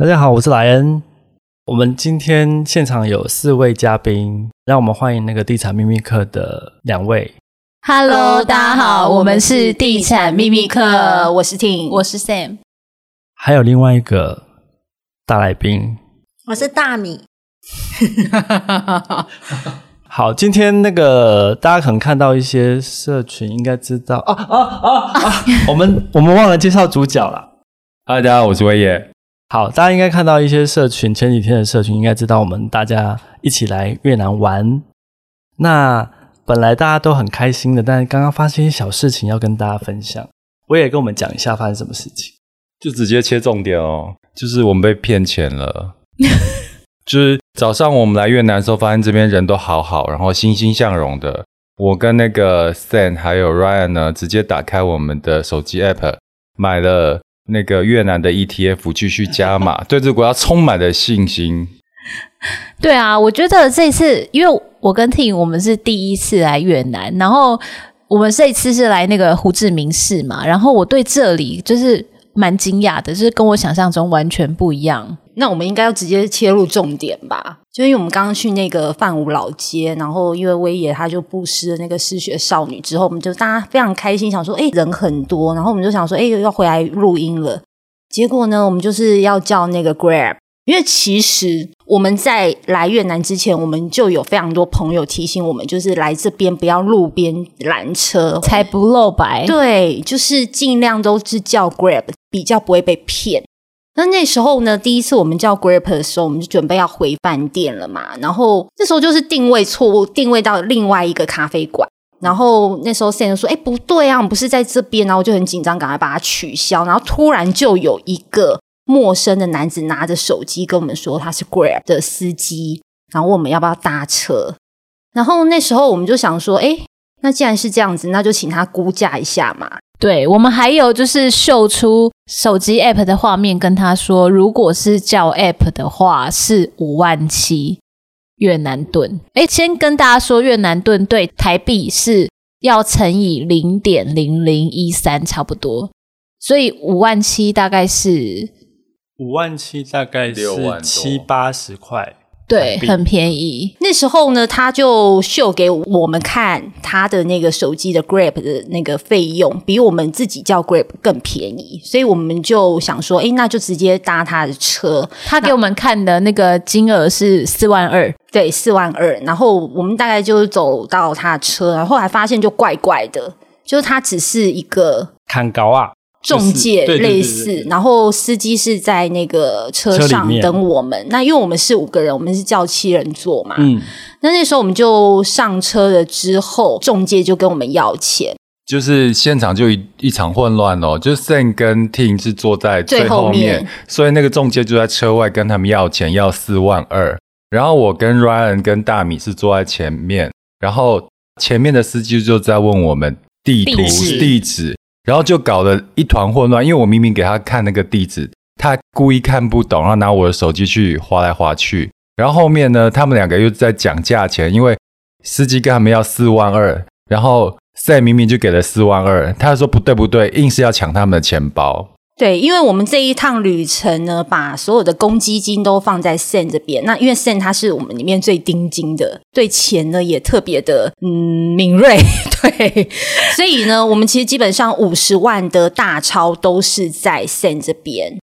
大家好，我是萊恩。我們今天現場有四位嘉賓，讓我們歡迎那個地產秘密客的兩位。Hello，大家好，我們是地產秘密客，我是 Ting，我是 Sam，還有另外一個大來賓，我是大米。 好，今天那個大家可能看到一些社群應該知道啊啊啊啊！啊啊 我們我們忘了介紹主角了。Hello， 大家好，我是威爺。好，大家應該看到一些社群，前幾天的社群應該知道，我們大家一起來越南玩。那本來大家都很開心的，但是剛剛發生一些小事情要跟大家分享。我也跟我們講一下發生什麼事情，就直接切重點哦，就是我們被騙錢了。 就是早上我們來越南的時候發現這邊人都好好，然後欣欣向榮的。我跟那個 Sam 還有 Ryan 呢，直接打開我們的手機 App，買了。那個越南的 ETF 繼續加碼，對這個國家充滿了信心。 對啊，我覺得這一次因為我跟 Ting 我們是第一次來越南，然後我們這一次是來那個胡志明市嘛，然後我對這裡就是蠻驚訝的，就是跟我想象中完全不一樣。那我們應該要直接切入重點吧。就因為我們剛剛去那個范五老街，然後因為威爺他就布施了那個失學少女之後，我們就大家非常開心，想說哎、欸、人很多，然後我們就想說哎、欸、又要回來錄音了。結果呢，我們就是要叫那個 Grab，因為其實我們在來越南之前，我們就有非常多朋友提醒我們，就是來這邊不要路邊攔車，財不露白。對，就是盡量都是叫 Grab，比較不會被騙。那那時候呢，第一次我們叫 Grab 的時候，我們就準備要回飯店了嘛。然後那時候就是定位錯誤，定位到另外一個咖啡館。然後那時候 Sam 說：“哎，不對啊，我們不是在這邊啊。”然後我就很緊張，趕快把它取消。然後突然就有一個陌生的男子拿着手機跟我們說，他是 Grab 的司機，然後問我們要不要搭車。然後那時候我們就想說：“哎，那既然是這樣子，那就請他估價一下嘛。”對，我們還有就是秀出手機 app 的畫面，跟他說，如果是叫 app 的話是五萬七越南盾。欸，先跟大家說越南盾對台幣是要乘以零點零零一三差不多，所以五萬七大概是五萬七大概是七八十塊。對，很便宜。那時候呢，他就秀給我們看他的那個手機的 Grab 的那個費用，比我們自己叫 Grab 更便宜，所以我們就想說，哎、欸，那就直接搭他的車。他給我們看的那個金額是四萬二那，對，四萬二。然後我們大概就是走到他的車，然後還發現就怪怪的，就是他只是一個砍高啊。中、就是、介類似，對對對對。然後司機是在那個車上等我們。那因為我們是五個人，我們是叫七人座嘛。嗯，那那時候我們就上車了之後，中介就跟我們要錢。就是現場就一一場混亂哦，就是 s e n 跟 Ting 是坐在最後面，後面，所以那個中介就在車外跟他們要錢，要四萬二。然後我跟 Ryan 跟大米是坐在前面，然後前面的司機就在問我們地圖紙地址。然後就搞得一團混亂，因為我明明給他看那個地址，他故意看不懂，然後拿我的手機去劃來劃去。然後後面呢，他們兩個又在講價錢，因為司機跟他們要四萬二，然後 Sam 明明就給了四萬二，他說不對不對，硬是要搶他們的錢包。對，因為我們這一趟旅程呢，把所有的公積金都放在 Sam 這邊。那因為 Sam 它是我們裡面最盯緊的，對錢呢也特別的嗯敏銳。對， 所以呢，我們其實基本上五十萬的大鈔都是在 Sam 這邊。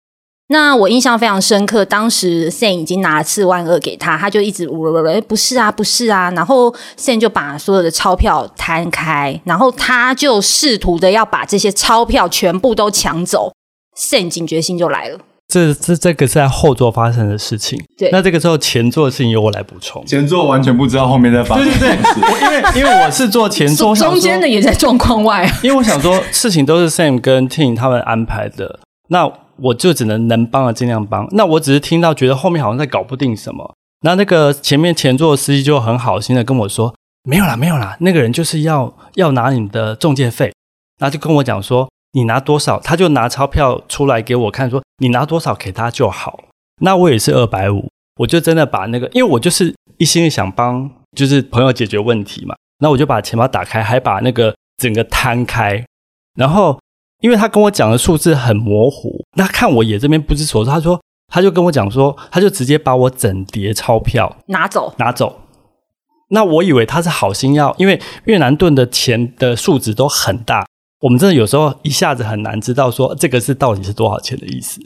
那我印象非常深刻，當時 Sam 已經拿了四萬二給他，他就一直嗚嗚嗚，不是啊，不是啊。然後 Sam 就把所有的鈔票攤開，然後他就試圖的要把這些鈔票全部都搶走。Sam 警覺性就來了，這這這個是在後座發生的事情。對，那這個時候前座的事情由我來補充。前座完全不知道後面在發生什麼事，因為因為我是坐前座，中間的也在狀況外啊。因為我想說，事情都是 Sam 跟 Ting 他們安排的， 那我就只能能幫的盡量幫。那我只是聽到覺得後面好像在搞不定什麼。那那個前面前座司機就很好心的跟我說：“沒有啦，沒有啦，那個人就是要要拿你的中介費。”那就跟我講說。你拿多少，他就拿鈔票出來給我看說，說你拿多少給他就好。那我也是二百五，我就真的把那個，因為我就是一心想幫，就是朋友解決問題嘛。那我就把錢包打開，還把那個整個攤開。然後，因為他跟我講的數字很模糊，那看我也這邊不知所措，他說他就跟我講說，他就直接把我整疊鈔票拿走拿走。那我以為他是好心要，因為越南盾的錢的數值都很大。我們真的有時候一下子很難知道說這個是到底是多少錢的意思。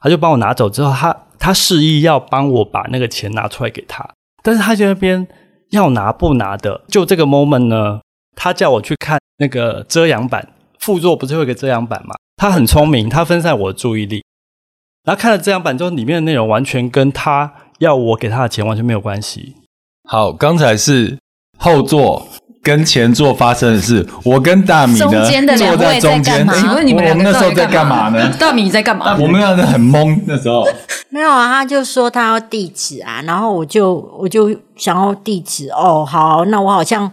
他就幫我拿走之後，他他示意要幫我把那個錢拿出來給他，但是他就那邊要拿不拿的。就這個 moment 呢，他叫我去看那個遮陽板，副座不是有個遮陽板嘛？他很聰明，他分散我的注意力。然後看了遮陽板之後，裡面的內容完全跟他要我給他的錢完全沒有關係。好，剛才是後座。跟前座發生的事，我跟大米呢間坐在中間。請問你們那時候在幹嘛呢？大米在幹嘛？我們那時候很懵， 那時候沒有啊。他就說他要地址啊，然後我就我就想要地址。哦，好，那我好像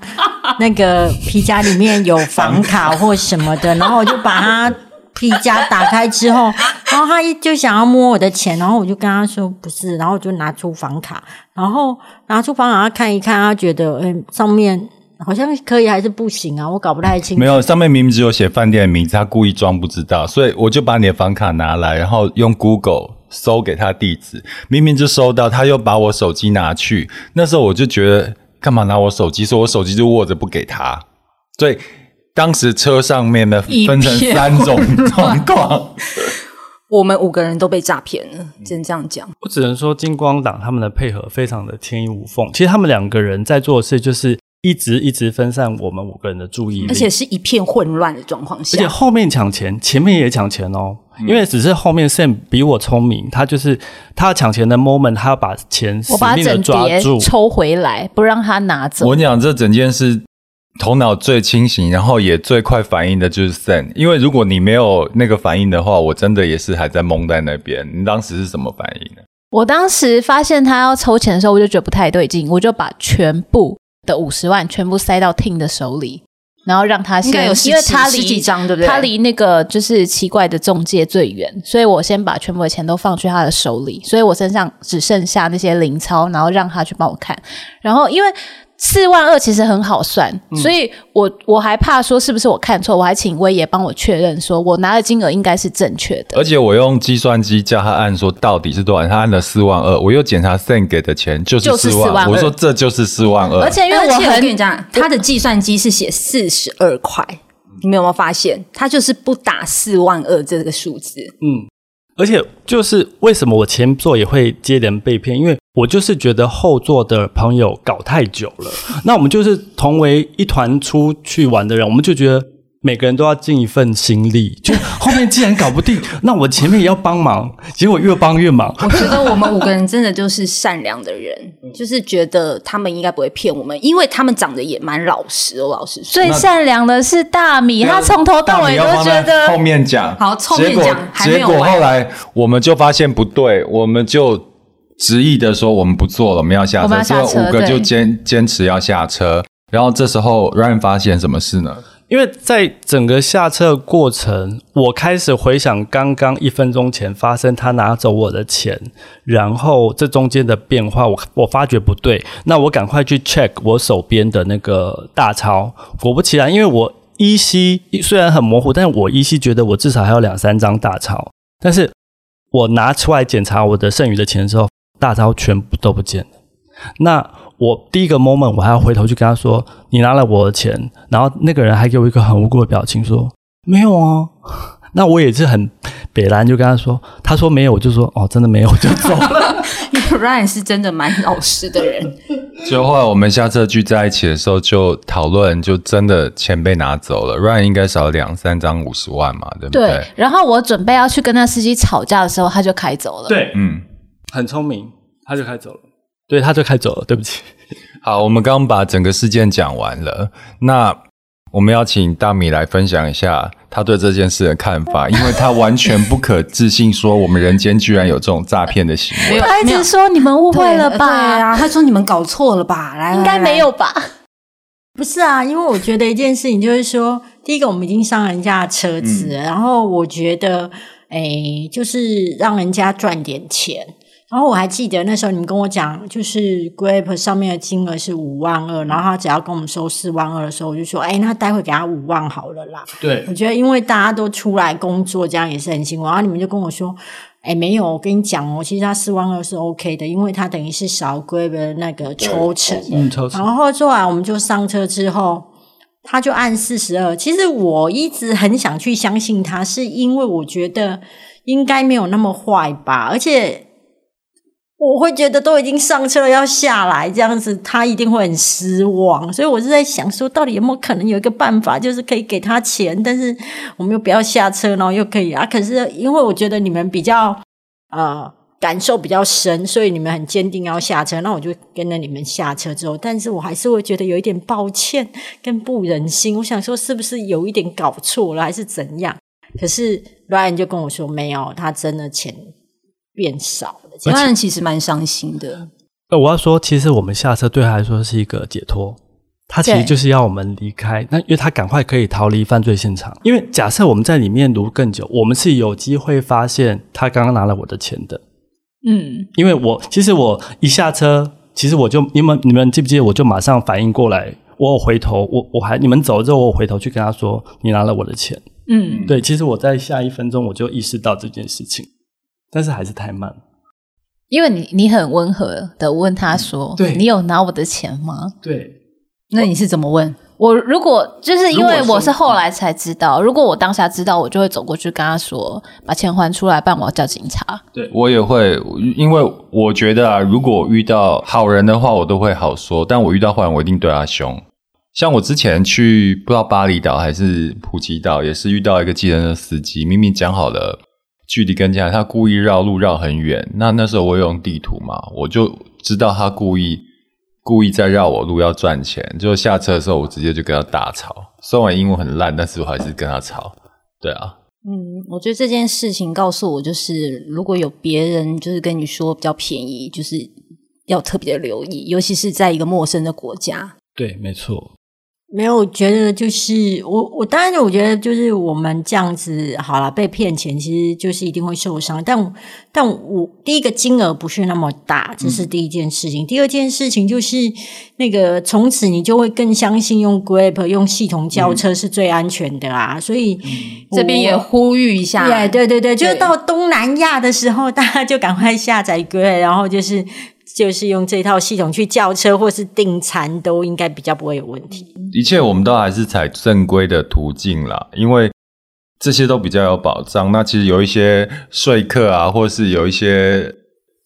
那個皮夾裡面有房卡或什麼的，房卡 然後我就把他皮夾打開之後，然後他就想要摸我的錢，然後我就跟他說不是，然後我就拿出房卡，然後拿出房卡，他看一看，他覺得嗯、欸、上面。好像可以還是不行啊，我搞不太清楚、嗯。沒有，上面明明只有寫飯店的名字，他故意裝不知道，所以我就把你的房卡拿來，然後用 Google 搜給他地址，明明就搜到，他又把我手機拿去，那時候我就覺得幹嘛拿我手機，說我手機就握着不給他，所以當時車上面呢分成三種狀況， 我們五個人都被詐騙了，只能、嗯、這樣講，我只能說金光黨他們的配合非常的天衣無縫，其實他們兩個人在做的事就是。一直一直分散我們五個人的注意力，而且是一片混亂的狀況下。而且後面搶錢，前面也搶錢哦。嗯、因為只是後面 Sam、嗯、比我聰明，他就是他搶錢的 moment，他要把錢的抓住我把整疊抽回來，不讓他拿走。我跟你講，這整件事頭腦最清醒，然後也最快反應的就是 Sam。因為如果你沒有那個反應的話，我真的也是還在懵在那邊。你當時是什麼反應呢？我當時發現他要抽錢的時候，我就覺得不太對勁，我就把全部。五十萬全部塞到 Ting 的手裡，然後讓他先，有因為他離對，對他離那個就是奇怪的中介最遠，所以我先把全部的錢都放去他的手裡，所以我身上只剩下那些零鈔，然後讓他去幫我看，然後因為。四萬二其實很好算，嗯、所以我我還怕說是不是我看錯，我還請威爺幫我確認，說我拿的金額應該是正確的。而且我用計算機叫他按說到底是多少，他按了四萬二，我又檢查 Sam 給的錢就是四萬，萬我說這就是四萬二。對嗯、而且因為我,很我跟你講，他的計算機是寫四十二塊，你們有沒有發現他就是不打四萬二這個數字？嗯，而且就是為什麼我前座也會接連被騙，因為。我就是覺得後座的朋友搞太久了，那我們就是同為一團出去玩的人，我們就覺得每個人都要盡一份心力，就後面既然搞不定， 那我前面也要幫忙，結果越幫越忙。我覺得我們五個人真的就是善良的人， 就是覺得他們應該不會騙我們，因為他們長得也蠻老實哦，老實說，那最善良的是大米，那他從頭到尾都覺得後面講好，後面講結，果結果後來我們就發現不對，我們就。執意的說，我們不做了，我們要下車。下車所以五個就堅對堅持要下車。然後這時候，Ryan 發現什麼事呢？因為在整個下車過程，我開始回想剛剛一分鐘前發生他拿走我的錢，然後這中間的變化我，我我發覺不對。那我趕快去 check 我手邊的那個大鈔。果不其然，因為我依稀雖然很模糊，但是我依稀覺得我至少還有兩三張大鈔。但是我拿出來檢查我的剩餘的錢之後。大鈔全部都不見，那我第一個 moment，我還要回頭去跟他說：“你拿了我的錢。”然後那個人還給我一個很無辜的表情，說：“沒有啊。”那我也是很北爛，就跟他說：“他說沒有。”我就說：“哦，真的沒有。”我就走了。Ryan 是真的蠻老實的人。所以 後來我們下次聚在一起的時候，就討論，就真的錢被拿走了。Ryan 應該少兩三張五十萬嘛，對不對？對。然後我準備要去跟那司機吵架的時候，他就開走了。對，嗯。很聰明，他就開走了。對，他就開走了。對不起，好，我們剛剛把整個事件講完了。那我們要請大米來分享一下他對這件事的看法，因為他完全不可置信，說我們人間居然有這種詐騙的行為。 沒有他一直說你們誤會了吧，對啊？他說你們搞錯了吧？來，來，來， 應該沒有吧？不是啊，因為我覺得一件事情就是說，第一個我們已經上人家的車子，嗯、然後我覺得，誒、欸、就是讓人家賺點錢。然後我還記得那時候，你們跟我講，就是 Grab 上面的金額是五萬二，然後他只要跟我們收四萬二的時候，我就說：“哎，那待會給他五萬好了啦。”對，我覺得因為大家都出來工作，這樣也是很辛苦。然後你們就跟我說：“哎，沒有，我跟你講哦，其實他四萬二是 OK 的，因為他等於是少 Grab 的那個抽成。”嗯，抽成。然後做完，我們就上車之後，他就按四十二。其實我一直很想去相信他，是因為我覺得應該沒有那麼壞吧，而且。我會覺得都已經上車了，要下來這樣子，他一定會很失望。所以我是在想說，說到底有沒有可能有一個辦法，就是可以給他錢，但是我們又不要下車呢？然後又可以啊？可是因為我覺得你們比較呃感受比較深，所以你們很堅定要下車，那我就跟着你們下車之後，但是我還是會覺得有一點抱歉跟不忍心。我想說，是不是有一點搞錯了，還是怎樣？可是 Ryan 就跟我說，沒有，他真的錢變少了，其他人其實蠻傷心的。我要說，其實我們下車對他來說是一個解脫，他其實就是要我們離開，對那因為他趕快可以逃離犯罪現場。因為假設我們在裡面錄更久，我們是有機會發現他剛剛拿了我的錢的。嗯，因為我其實我一下車，其實我就你們你們記不記得，我就馬上反應過來，我有回頭，我我還你們走之後，我回頭去跟他說，你拿了我的錢。嗯，對，其實我在下一分鐘我就意識到這件事情。但是還是太慢，因為你你很溫和的問他說：“嗯、對你有拿我的錢嗎？”對，那你是怎麼問？我，我如果就是因為我是後來才知道，如果，如果我當下知道，我就會走過去跟他說：“把錢還出來辦，不然我要叫警察。對”對我也會，因為我覺得啊，如果遇到好人的話，我都會好說，但我遇到壞人，我一定對他兇。像我之前去不知道巴厘島還是普吉島，也是遇到一個計程車的司機，明明講好了。距離更近，他故意繞路繞很遠。那那時候我有用地圖嘛，我就知道他故意故意在繞我路要賺錢。就下車的時候，我直接就跟他大吵。雖然英文很爛，但是我還是跟他吵。對啊，嗯，我覺得這件事情告訴我，就是如果有別人就是跟你說比較便宜，就是要特別的留意，尤其是在一個陌生的國家。對，沒錯。沒有，我覺得就是我我當然，我覺得就是我們這樣子好了，被騙錢其實就是一定會受傷，但我但我第一個金額不是那麼大，這是第一件事情。嗯、第二件事情就是那個從此你就會更相信用 Grab 用系統叫車是最安全的啊，嗯、所以、嗯、我這邊也呼籲一下，yeah，對對對，對就到東南亞的時候，大家就趕快下載 Grab 然後就是。就是用這套系統去叫車或是訂餐，都應該比較不會有問題。一切我們都還是採正規的途徑啦，因為這些都比較有保障。那其實有一些說客啊，或是有一些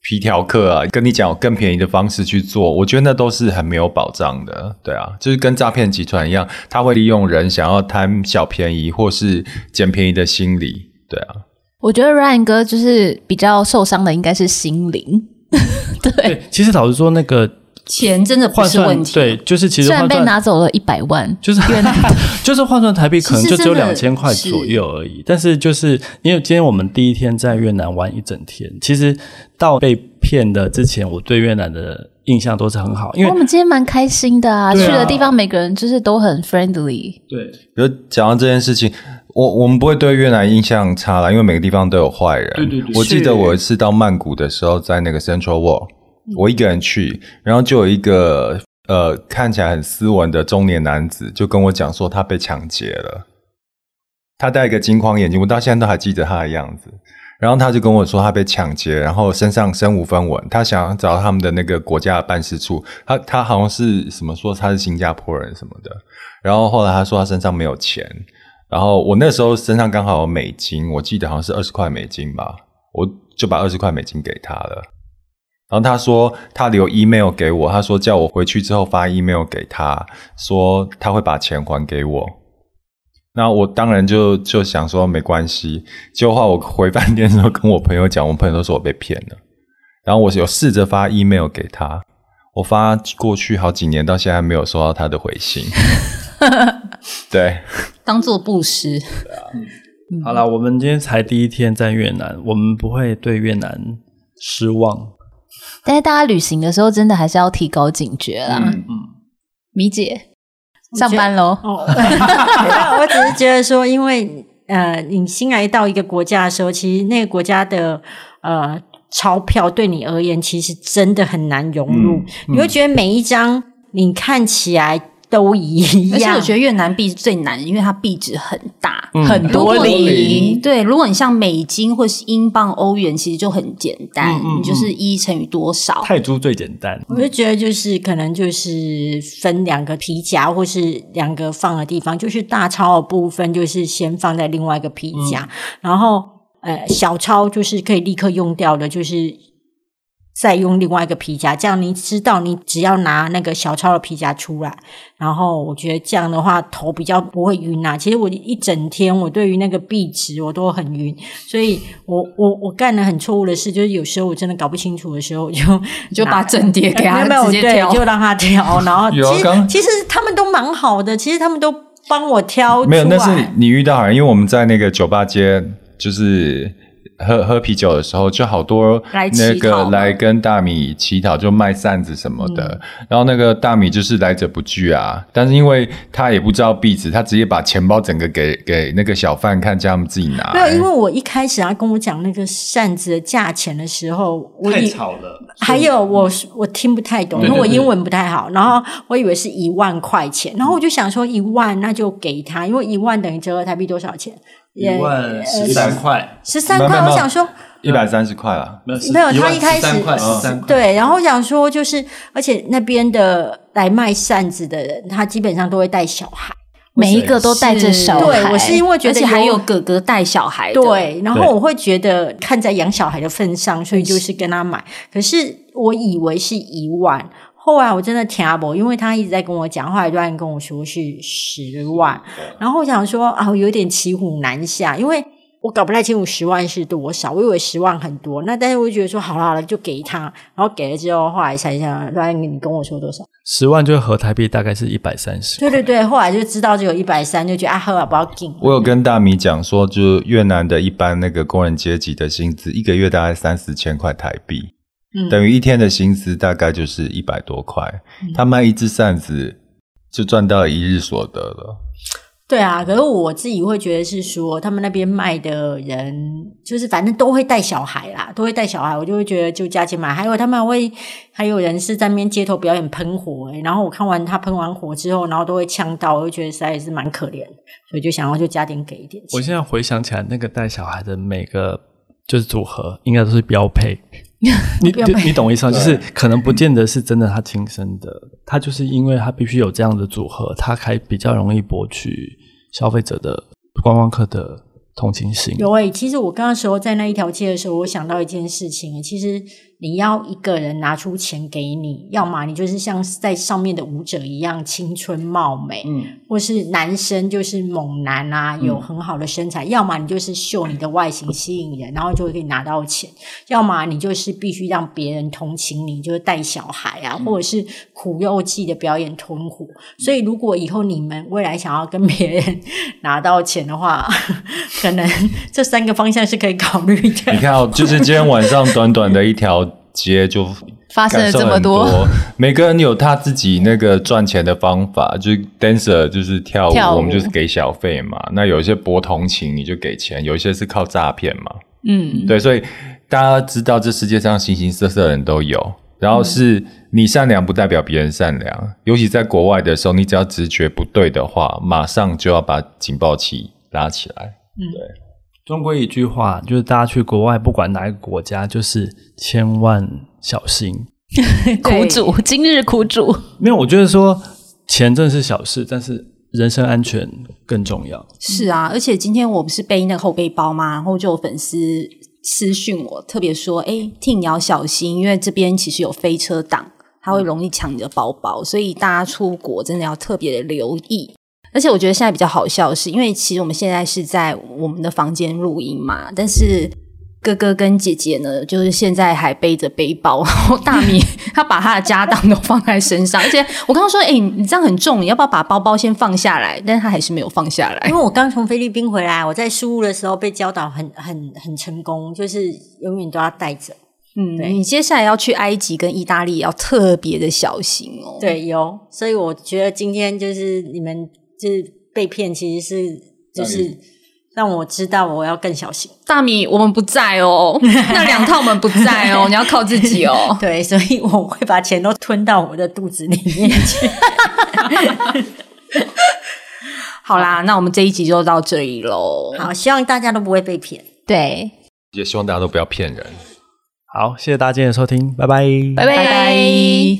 皮條客啊，跟你講有更便宜的方式去做，我覺得那都是很沒有保障的。對啊，就是跟詐騙集團一樣，他會利用人想要貪小便宜或是撿便宜的心理。對啊，我覺得 Ryan 哥就是比較受傷的，應該是心靈。 對，對，其實老實說，那個換算錢真的不是問題。對，就是其實換算雖然被拿走了一百萬，就是越南， 就是換算台幣可能就只有兩千塊左右而已。是，但是就是因為今天我們第一天在越南玩一整天，其實到被騙的之前，我對越南的印象都是很好，因為我們今天蠻開心的啊，啊去的地方每個人就是都很 friendly。對，比如講到這件事情。我我們不會對越南印象差啦，因為每個地方都有壞人。對對對，我記得我一次到曼谷的時候，是在那個 Central World，我一個人去，然後就有一個呃看起來很斯文的中年男子就跟我講說他被搶劫了。他戴一個金框眼鏡，我到現在都還記得他的樣子。然後他就跟我說他被搶劫，然後身上身無分文，他想要找他們的那個國家的辦事處。他他好像是什麼說他是新加坡人什麼的。然後後來他說他身上沒有錢。然後我那時候身上剛好有美金，我記得好像是二十塊美金吧，我就把二十塊美金給他了。然後他說他留 email 給我，他說叫我回去之後發 email 給他，說他會把錢還給我。那我當然就就想說沒關係。就話我回飯店的時候跟我朋友講，我朋友都說我被騙了。然後我有試着發 email 給他，我發過去好幾年到現在還沒有收到他的回信。 對，當做布施。對啊、好了，我們今天才第一天在越南，我們不會對越南失望。但是大家旅行的時候，真的還是要提高警覺啦。嗯嗯。嗯米姐上班嘍。嗯嗯、 我只是覺得說，因為呃，你新來到一個國家的時候，其實那個國家的呃鈔票對你而言，其實真的很難融入。嗯嗯、你會覺得每一張，你看起來。都一樣，而且我覺得越南幣是最難，因為它幣值很大，嗯、很多零。對，如果你像美金或是英鎊、歐元，其實就很簡單，嗯嗯、你就是一乘以多少。泰銖最簡單，我就覺得就是可能就是分兩個皮夾，或是兩個放的地方，就是大鈔的部分就是先放在另外一個皮夾，嗯、然後呃小鈔就是可以立刻用掉的，就是。再用另外一個皮夾，這樣你知道，你只要拿那個小超的皮夾出來，然後我覺得這樣的話頭比較不會暈啊。其實我一整天我對於那個壁紙我都很暈，所以我我我幹了很錯誤的事，就是有時候我真的搞不清楚的時候我就，就就把整疊給他，嗯、沒有沒有直接對，就讓他挑。然後其實有，啊、其實他們都蠻好的，其實他們都幫我挑。沒有，那是你遇到好，因為我們在那個酒吧街，就是。喝喝啤酒的時候，就好多那個來，來跟大米乞討，就賣扇子什麼的。嗯、然後那個大米就是來者不拒啊，但是因為他也不知道幣值，他直接把錢包整個給給那個小販看，叫他們自己拿、欸。沒有，因為我一開始他跟我講那個扇子的價錢的時候，我太吵了。還有我我聽不太懂，嗯、因為我英文不太好。嗯、然後我以為是一萬塊錢，嗯、然後我就想說一萬那就給他，因為一萬等於折合台幣多少錢？一萬十三塊，十三塊。我想說一百三十塊啊，沒有，嗯、沒有。他一開始一十三塊、哦，對。然後我想說，就是而且那邊的來賣扇子的人，他基本上都會帶小孩，每一個都帶着小孩。對，我是因為覺得，而且還有哥哥帶小孩的。對，然後我會覺得，看在養小孩的份上，所以就是跟他買。是可是我以為是一萬。後來我真的聽阿伯，因為他一直在跟我講話，突然跟我說是十萬，然後我想說啊，我有點騎虎難下，因為我搞不太清楚十萬是多少，我以為十萬很多，那但是我就覺得說好了好了就給他，然後給了之後，後來一想突然你跟我說多少，十萬就是合台幣大概是一百三十，對對對，後來就知道就有一百三，就覺得啊，好了不要緊。我有跟大米講說，就越南的一般那個工人階級的薪資，一個月大概三四千塊台幣。嗯、等於一天的薪資大概就是一百多塊，嗯、他賣一隻扇子就賺到了一日所得了。對啊，可是我自己會覺得是說，他們那邊賣的人就是反正都會帶小孩啦，都會帶小孩，我就會覺得就加錢買。還有他們還會，還有人是在那邊街頭表演噴火、欸，然後我看完他噴完火之後，然後都會嗆到，我就覺得實在也是蠻可憐，所以就想要就加點給一點錢。我現在回想起來，那個帶小孩的每個就是組合，應該都是標配。 你懂要你， 你懂我意思嗎、啊？就是可能不見得是真的，他親生的，他就是因為他必須有這樣的組合，他才比較容易博取消費者的觀光客的同情心。有誒、欸，其實我剛剛時候在那一條街的時候，我想到一件事情，其實。你要一個人拿出錢給你，要麼你就是像在上面的舞者一樣青春貌美，嗯、或是男生就是猛男啊，有很好的身材；嗯、要麼你就是秀你的外形吸引人，然後就會可以拿到錢；要麼你就是必須讓別人同情你，就是帶小孩啊，嗯、或者是苦肉計的表演痛苦。所以，如果以後你們未來想要跟別人拿到錢的話，可能這三個方向是可以考慮的。你看哦，就是今天晚上短短的一條。 接就發生了這麼多，每個人有他自己那個賺錢的方法， 就是 dancer 就是跳舞，跳舞我們就是給小費嘛。那有一些博同情你就給錢，有一些是靠詐騙嘛。嗯，對，所以大家知道這世界上形形色色的人都有。然後是你善良不代表別人善良，嗯、尤其在國外的時候，你只要直覺不對的話，馬上就要把警報器拉起來。嗯，對。中國有一句話就是：大家去國外，不管哪個國家，就是千萬小心。 對苦主，今日苦主。沒有，我覺得說錢真的是小事，但是人身安全更重要。嗯、是啊，而且今天我不是背那個後背包嗎？然後就有粉絲私訊我，特別說：“誒聽你要小心，因為這邊其實有飛車黨，他會容易搶你的包包，嗯、所以大家出國真的要特別的留意。”而且我覺得現在比較好笑的是，是因為其實我們現在是在我們的房間錄音嘛，但是哥哥跟姐姐呢，就是現在還背着背包，然後大米 他把他的家當都放在身上， 而且我剛剛說，誒、欸，你這樣很重，你要不要把包包先放下來？但他還是沒有放下來，因為我剛從菲律賓回來，我在輸入的時候被教導很很很成功，就是永遠都要帶着。嗯，你接下來要去埃及跟意大利要特別的小心哦。對，有，所以我覺得今天就是你們。就是被騙，其實是就是讓我知道我要更小心。哪裡？大米，我們不在哦， 那兩套我們不在哦，你要靠自己哦。 對，所以我會把錢都吞到我的肚子裡面去。 好啦，那我們這一集就到這裡嘍。好，希望大家都不會被騙。對，也希望大家都不要騙人。好，謝謝大家今天的收聽，拜拜，拜拜 bye。Bye bye